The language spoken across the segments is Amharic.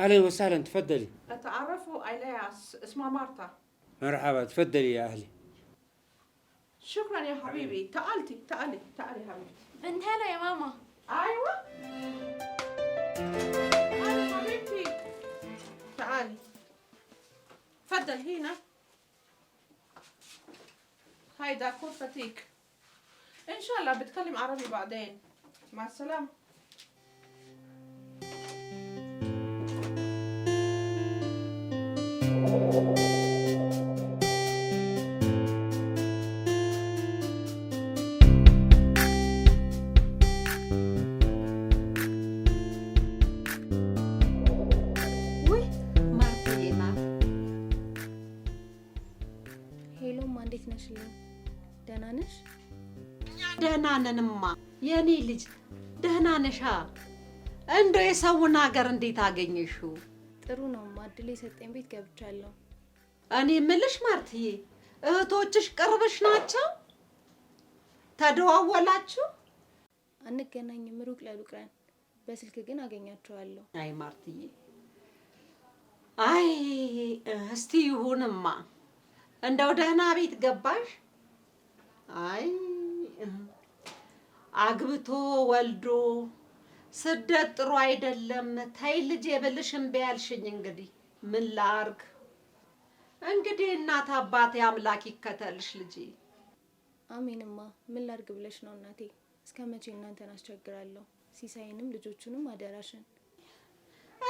اهلا وسهلا تفضلي اتعرفوا عليها اسمها مارتا مرحبا تفضلي يا اهلي شكرا يا حبيبي تعالتي تعالي تعالي حبيبتي بنت هنا يا ماما ايوه تعالي حبيبتي تعالي تفضل هنا هيدا غرفتك ان شاء الله بتكلم عربي بعدين مع السلامه ደህና ነሽ? ደህና ነንማ የኔ ልጅ ደህና ነሻ? እንደው የሰውን ሀገር እንዴት አገኘሽው? ጥሩ ነው። እድል የሰጠኝ ቤት ገብቻለሁ። እኔ ምልሽ ማርትዬ እህቶችሽ ቅርብሽ ናቸው? ተደዋወላችሁ? አንገናኝም፣ ሩቅ ለሩቅ ነን። በስልክ ግን አገኛቸዋለሁ። አይ ማርትዬ፣ አይ እስቲ ይሁንማ፣ እንደው ደህና ቤት ገባሽ። አይ አግብቶ ወልዶ ስደት ጥሩ አይደለም። ተይ ልጄ ብልሽ እምቢ እንግዲህ ምን ላርግ? እንግዲህ እናት አባቴ አምላክ ይከተልሽ ልጄ። አሜንማ። ምን ላድርግ ብለሽ ነው እናቴ? እስከ መቼ እናንተን አስቸግራለሁ? ሲሳይንም ልጆቹንም አደራሽን።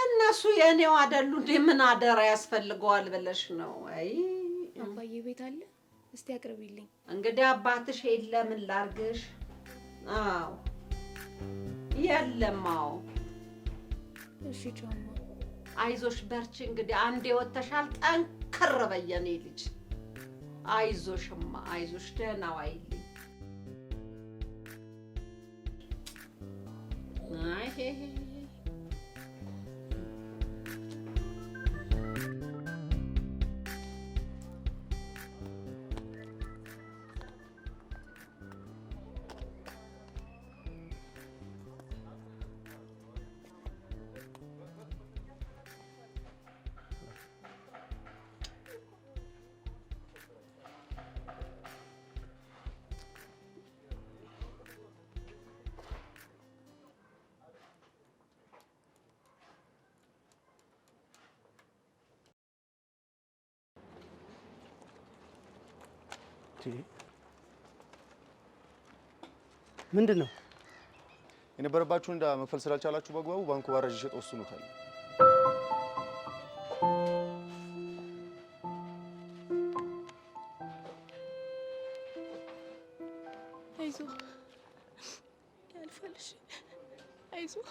እነሱ የእኔው አደሉ እንዴ? ምን አደራ ያስፈልገዋል ብለሽ ነው? አይ አባዬ ቤት አለ፣ እስቲ አቅርቢልኝ። እንግዲህ አባትሽ የለ፣ ምን ላድርግሽ? አዎ የለም። አዎ እሺ፣ ቻው። አይዞሽ፣ በርቺ። እንግዲህ አንዴ ወተሻል፣ ጠንክ ከረበየኔ ልጅ አይዞሽማ፣ አይዞሽ ደህና ዋይልኝ። አይ ምንድን ነው የነበረባችሁ? እዳ መክፈል ስላልቻላችሁ በአግባቡ ባንኩ ባራዥ ሸጥ ወስኖታል። አይዞህ ያልፋልሽ፣ አይዞህ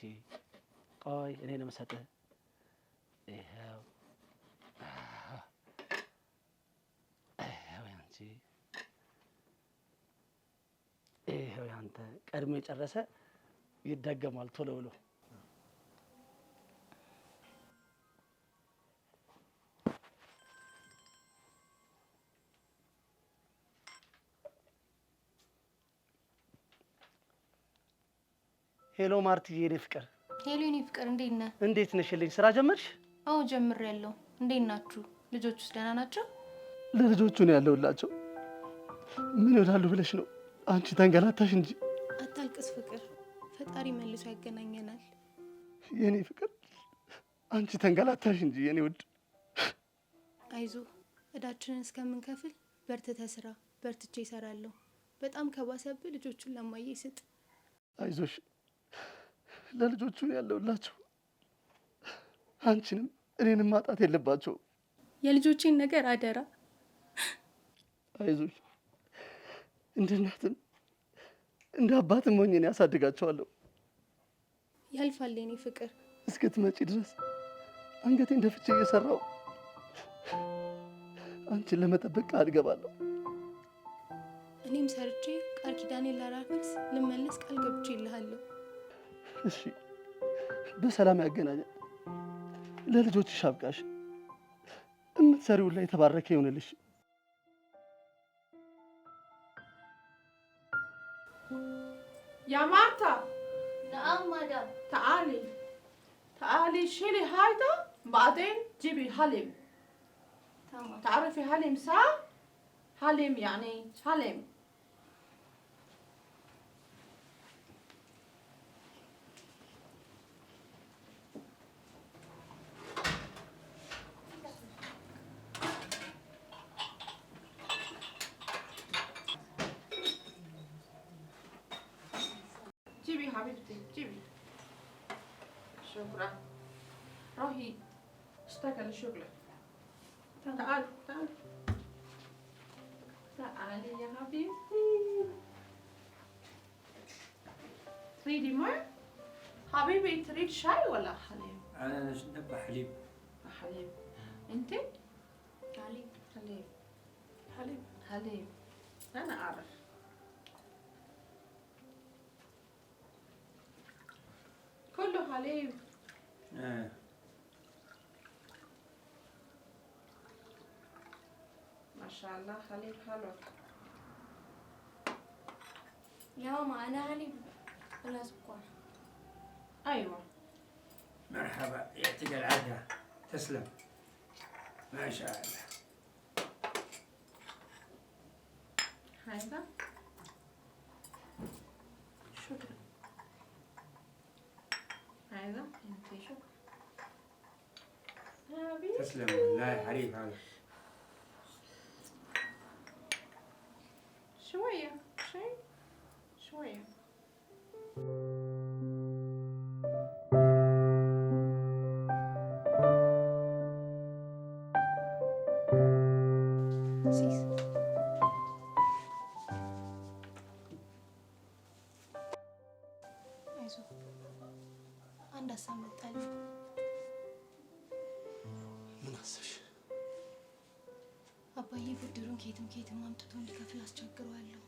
አንቺ ቆይ፣ እኔ ነው የምሰጥህ። ይኸው ይኸው ያንቺ ይኸው ያንተ። ቀድሞ የጨረሰ ይደገማል ቶሎ ብሎ ሄሎ ማርትዬ፣ የኔ ፍቅር። ሄሎ የኔ ፍቅር፣ እንዴት ነህ? እንዴት ነሽ? ልኝ ስራ ጀመርሽ? አዎ ጀምሬያለሁ። እንዴት ናችሁ? ልጆቹስ ደህና ናቸው? ለልጆቹ ነው ያለሁላቸው። ምን ይሆናሉ ብለሽ ነው አንቺ ተንገላታሽ እንጂ። አታልቅስ ፍቅር፣ ፈጣሪ መልሶ ያገናኘናል። የኔ ፍቅር፣ አንቺ ተንገላታሽ እንጂ የኔ ውድ። አይዞ፣ እዳችንን እስከምንከፍል በርትተህ ስራ። በርትቼ ይሰራለሁ። በጣም ከባሰብህ ልጆቹን ለማየ ይስጥ። አይዞሽ ለልጆቹ ያለውላቸው አንቺንም እኔንም ማጣት የለባቸው የልጆቼን ነገር አደራ። አይዞሽ፣ እንደ እናትም እንደ አባትም ሆኜ ያሳድጋቸዋለሁ። ያልፋል የኔ ፍቅር። እስክትመጪ ድረስ አንገቴን ደፍቼ እየሰራው አንቺን ለመጠበቅ ቃል ገባለሁ። እኔም ሰርቼ ቃል ኪዳኔ ላራፍስ ልመለስ ቃል ገብቼ ይልሃለሁ። እሺ በሰላም ያገናኛል። ለልጆችሽ አብቃሽ። እምትሰሪው ላይ የተባረከ ይሆንልሽ። ያ ማርታ ተአማዳም ተአሊ ተአሊ ሽሊ ሃይታ ባአዴን ጂቢ ሀሌም ታረፊ ሀሌም ሳ ሀሊም ያኔ ሀሊም معاه رهيب اشتكى لشغله تعال تعال تعال يا حبيبتي تريدي مر حبيبي تريد شاي ولا حليب؟ انا نبى حليب حليب انت؟ حليب حليب حليب حليب انا اعرف كله حليب آه. ما شاء الله حليب حلو يا ماما حليب خلاص سكر أيوة مرحبا يعطيك العافية تسلم ما شاء الله هذا شكرا هذا انتي شكرا تسلم الله حريم هذا شوية شوي شوية አስቸግረዋለሁ።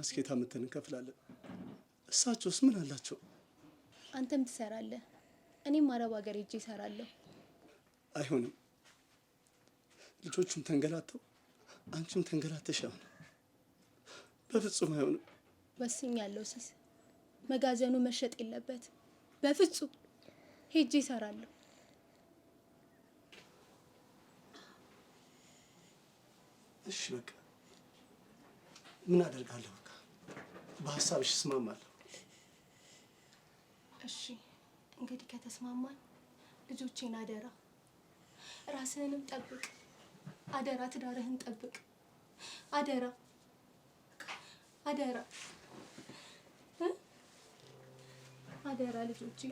አስኬታ ምትን እንከፍላለን። እሳቸውስ ምን አላቸው? አንተም ትሰራለህ፣ እኔም አረብ ሀገር ሄጄ ይሰራለሁ አይሆንም። ልጆቹም ተንገላተው አንቺም ተንገላተሽ አሁን በፍጹም አይሆንም። ወስኛለሁ። ሲስ መጋዘኑ መሸጥ የለበት በፍጹም ሄጄ እሰራለሁ። እሺ በቃ ምን አደርጋለሁ? በቃ በሀሳብሽ እስማማለሁ። እሺ እንግዲህ ከተስማማን ልጆቼን አደራ፣ ራስህንም ጠብቅ አደራ፣ ትዳርህን ጠብቅ አደራ፣ አደራ፣ አደራ ልጆቼ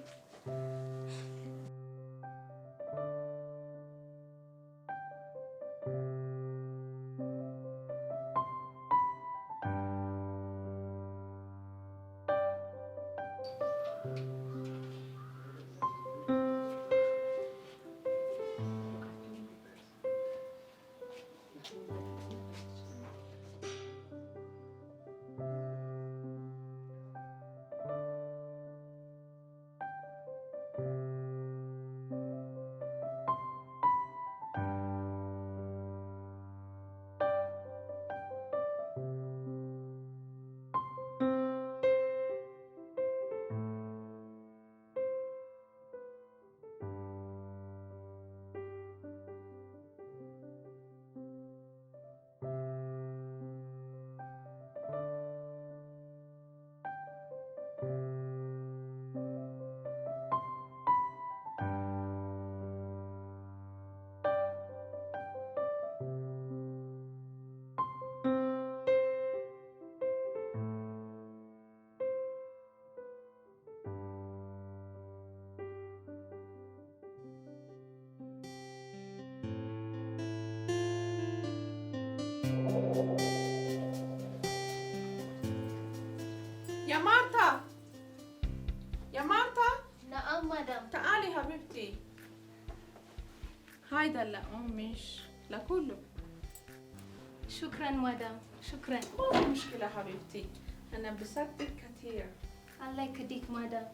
يا مارتا يا مارتا نعم مدام تعالي حبيبتي هيدا لأمش لكله شكرا مدام شكرا ما في مشكلة حبيبتي أنا بصدق كثير الله يكديك مدام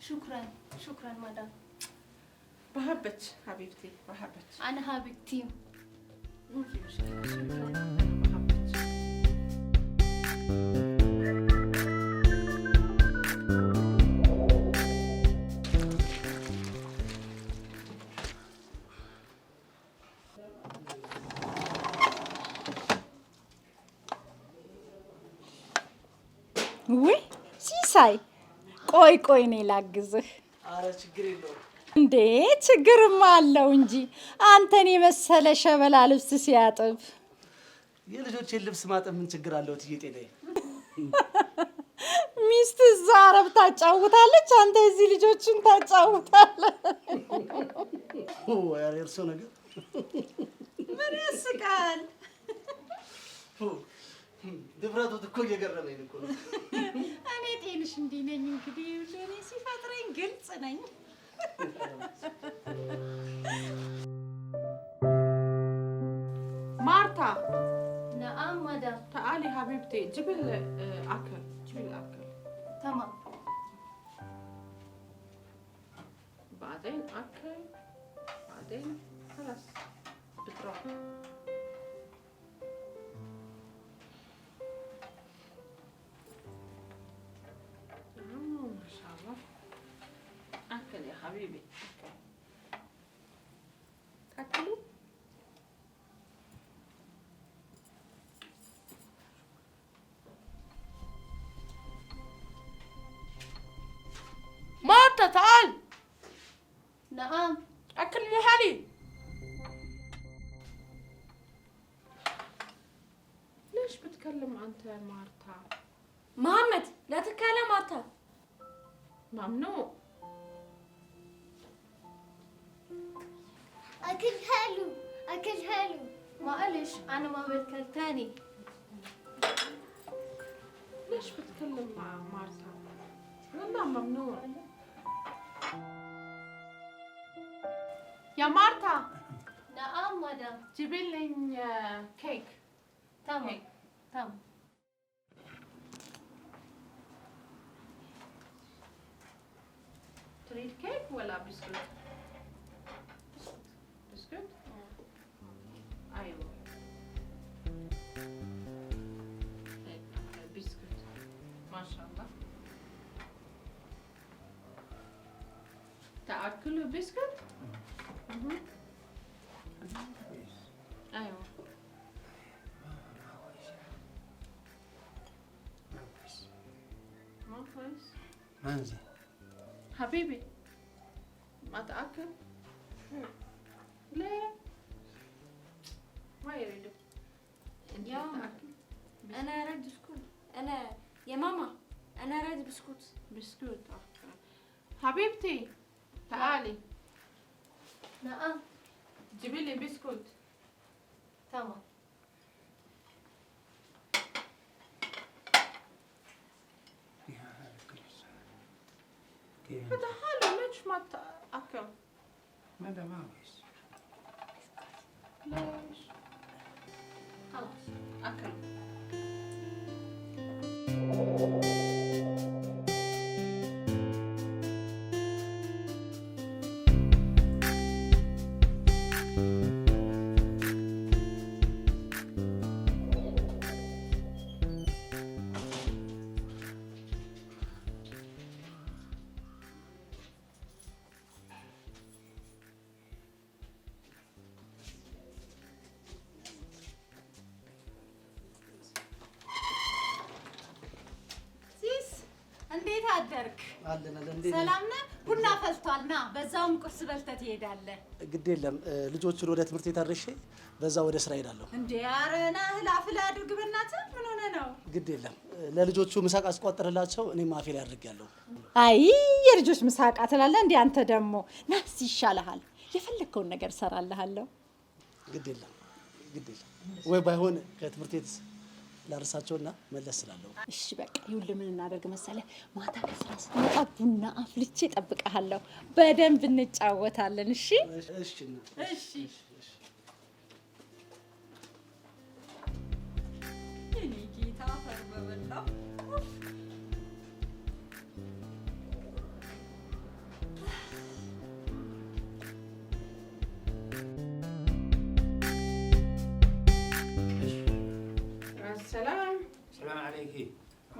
شكرا شكرا مدام بحبك حبيبتي بحبك أنا حبيبتي ما في مشكلة شكرا بحبك ውይ ሲሳይ፣ ቆይ ቆይ፣ እኔ ላግዝህ። እንዴ ችግርም አለው እንጂ አንተን የመሰለ ሸበላ ልብስ ሲያጥብ የልጆቼን ልብስ ማጠብ ምን ችግር አለው? ትዬ ጤናዬ፣ ሚስት እዛ አረብ ታጫውታለች፣ አንተ እዚህ ልጆችን ታጫውታለህ። እርሶ ነገር ምን ያስቃል? ድፍረቱ እኮ እየገረመኝ እኮ ነው። እኔ ጤንሽ እንዲህ ነኝ። እንግዲህ እኔ ሲፈጥረኝ ግልጽ ነኝ። ማርታ ነአም ማዳም ተአሊ ሀቢብቴ ጅብል አከል ጅብል አከል ተማም بعدين አከል بعدين خلاص بتروح نعم أكل مو هالي ليش بتكلم أنت مارتا؟ محمد لا تتكلم مارتا ممنوع أكل حلو أكل حلو ما قلش أنا ما بأكل تاني ليش بتكلم مع مارتا؟ والله ممنوع Ya Marta. Naam madam. Cibilin kek. Tamam. Kek. Tamam. تريد كيك ولا بسكوت؟ بسكوت بسكوت؟ أيوه بسكوت ما شاء الله تأكلوا بسكوت؟ حبيبي ما تأكل ليه ما يريد يا انا اريد بسكوت انا يا ماما انا اريد بسكوت بسكوت حبيبتي تعالي لا نعم. جيبي لي بسكوت እንዴት አደርክ? ሰላም ነህ? ቡና ፈልቷል፣ ና በዛውም ቁርስ በልተህ ትሄዳለህ። ግድ የለም ልጆቹን ወደ ትምህርት ቤት አድርሼ በዛ ወደ ስራ ሄዳለሁ። እንዴ ኧረ ነህ ላፍላ አድርግ በእናትህ ምን ሆነህ ነው? ግድ የለም ለልጆቹ ምሳቅ አስቋጥርላቸው እኔም አፌ ላይ አድርጌያለሁ። አይ የልጆች ምሳቃ ትላለህ እንዴ አንተ ደግሞ ናስ ይሻልሃል። የፈለግከውን ነገር እሰራልሃለሁ። ግድ የለም ግድ የለም ወይ ባይሆን ከትምህርት ቤት ላርሳቸውና መለስ ስላለሁ። እሺ በቃ ይኸውልህ፣ ምን እናደርግ መሰለህ፣ ማታ ከስራ ስትመጣ ቡና አፍልቼ እጠብቅሃለሁ። በደንብ እንጫወታለን። እሺ እሺ እሺ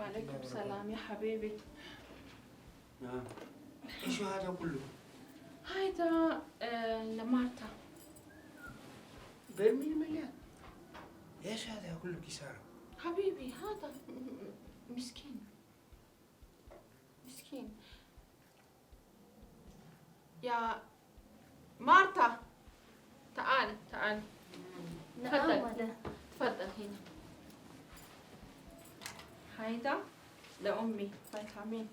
وعليكم السلام يا حبيبي نعم ايش هذا كله؟ هيدا آه لمارتا برميل مليان ايش هذا كله كسارة؟ حبيبي هذا مسكين مسكين يا مارتا تعال تعال نعم، تفضل تفضل هنا هيدا لأمي فيتامين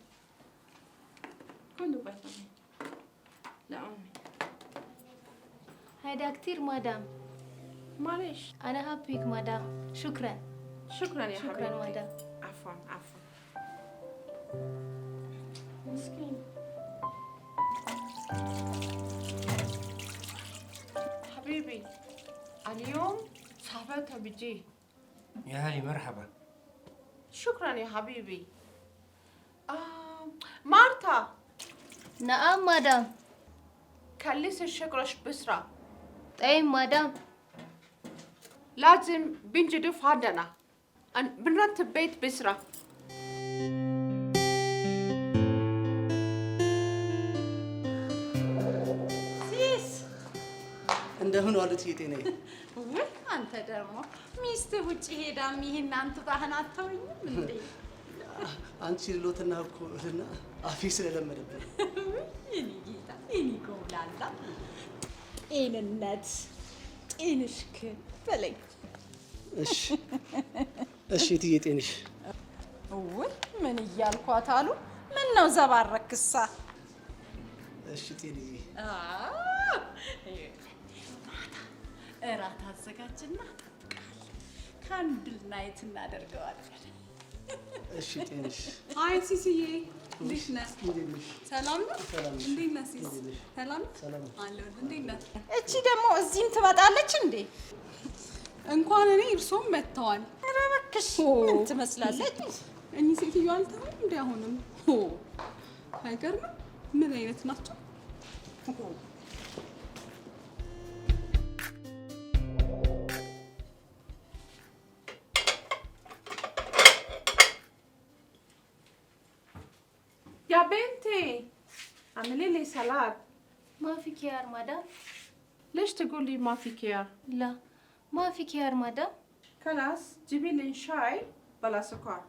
كله فيتامين لأمي هيدا كتير مدام معلش أنا هابيك مدام شكرا شكرا يا شكرا حبيبتي مدام عفوا عفوا مسكين حبيبي اليوم صاحبتها بتجي يا هلي مرحبا شكرا يا حبيبي آه مارتا نعم مدام كلس الشكرش بسرعة طيب مدام لازم بنجدف عندنا بنرتب بيت بسرعة እንደምን ዋሉት ጤና። አንተ ደግሞ ሚስት ውጭ ሄዳም ይሄን አንተ ባህን አተውኝም እንዴ? አንቺ ልሎትና እኮ እህልና አፌ ስለለመደብን ይኔ ጌታ ይኔ ጎብላላ ጤንነት ጤንሽክን በለኝ። እሺ እሺ፣ እትዬ ጤንሽ ውይ ምን እያልኳት አሉ። ምን ነው ዘባረክሳ? እሺ ጤንዬ እናዘጋጅና ካንድል ናይት እናደርገዋለን። እሺ ጤንሽ? አይ ሲሲዬ እንዴት ነህ? ሰላም ነው። እንዴት ነህ ሲስ? ሰላም እንዴት ነህ? እቺ ደግሞ እዚህም ትመጣለች እንዴ? እንኳን እኔ እርሶም መጥተዋል። ኧረ እባክሽ ምን ትመስላለች እኚህ ሴትዮ? አልተውም አሁንም አይገርምም? ምን አይነት ናቸው? يا بنتي اعملي لي سلاد ما في خيار مدام ليش تقولي ما في خيار لا ما في خيار مدام خلاص جيبي لي شاي بلا سكر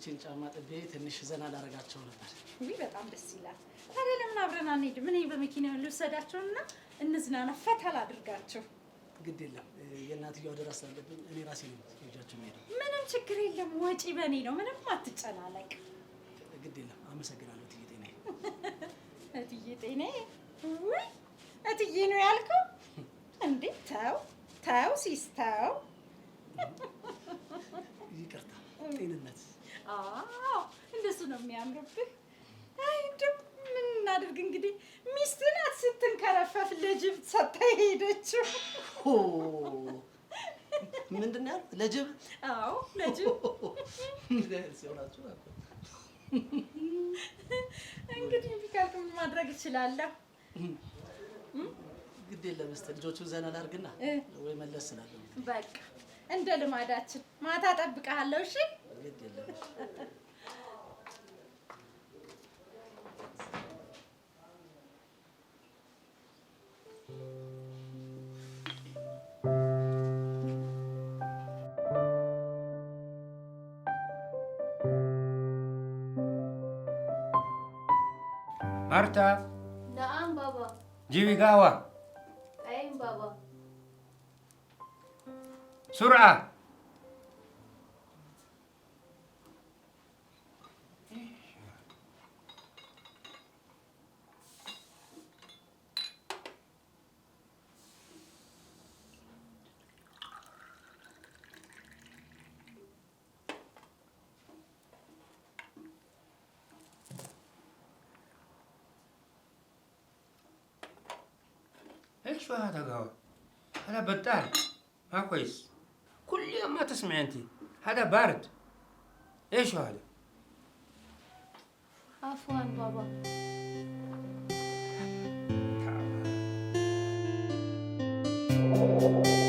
ልጆችን ጫማ ጥቤ ትንሽ ዘና ላደርጋቸው ነበር። ይህ በጣም ደስ ይላል። ታዲያ ለምን አብረን አንሄድም? ምን በመኪና ልውሰዳቸው ልውሰዳቸውና እንዝናና፣ ፈታ ላድርጋቸው። ግድ የለም የእናትየው አደራ ስላለብኝ እኔ ራሴ ነው ልጃቸው ሄደው። ምንም ችግር የለም፣ ወጪ በእኔ ነው። ምንም አትጨናለቅ። ግድ የለም። አመሰግናለሁ እትዬ ጤና። እትዬ ጤና ወይ እትዬ ነው ያልከው እንዴት? ተው ተው ሲስተው ይቅርታ ጤንነት እንደሱ ነው የሚያምርብህ። እንደው ምን እናድርግ እንግዲህ ሚስት ናት ስትንከረፈፍ ለጅብ ሰጥታ የሄደችው። ምንድን ነው ያልኩት? ለጅብ አዎ፣ ለጅብ እንግዲህ ቢካልኩ ምን ማድረግ እችላለሁ? ግድ የለም እስኪ ልጆቹን ዘና ላድርግና ወይ መለስ ስላለ በቃ እንደ ልማዳችን ማታ እጠብቅሃለሁ። እሺ öyle diyorlar. Marta, Naam baba. jiwi gawa, Ayin baba. Surah. شو هذا قهوة هذا بدال ما كويس كل يوم ما تسمعي انت هذا بارد ايش هذا عفوا بابا Thank you.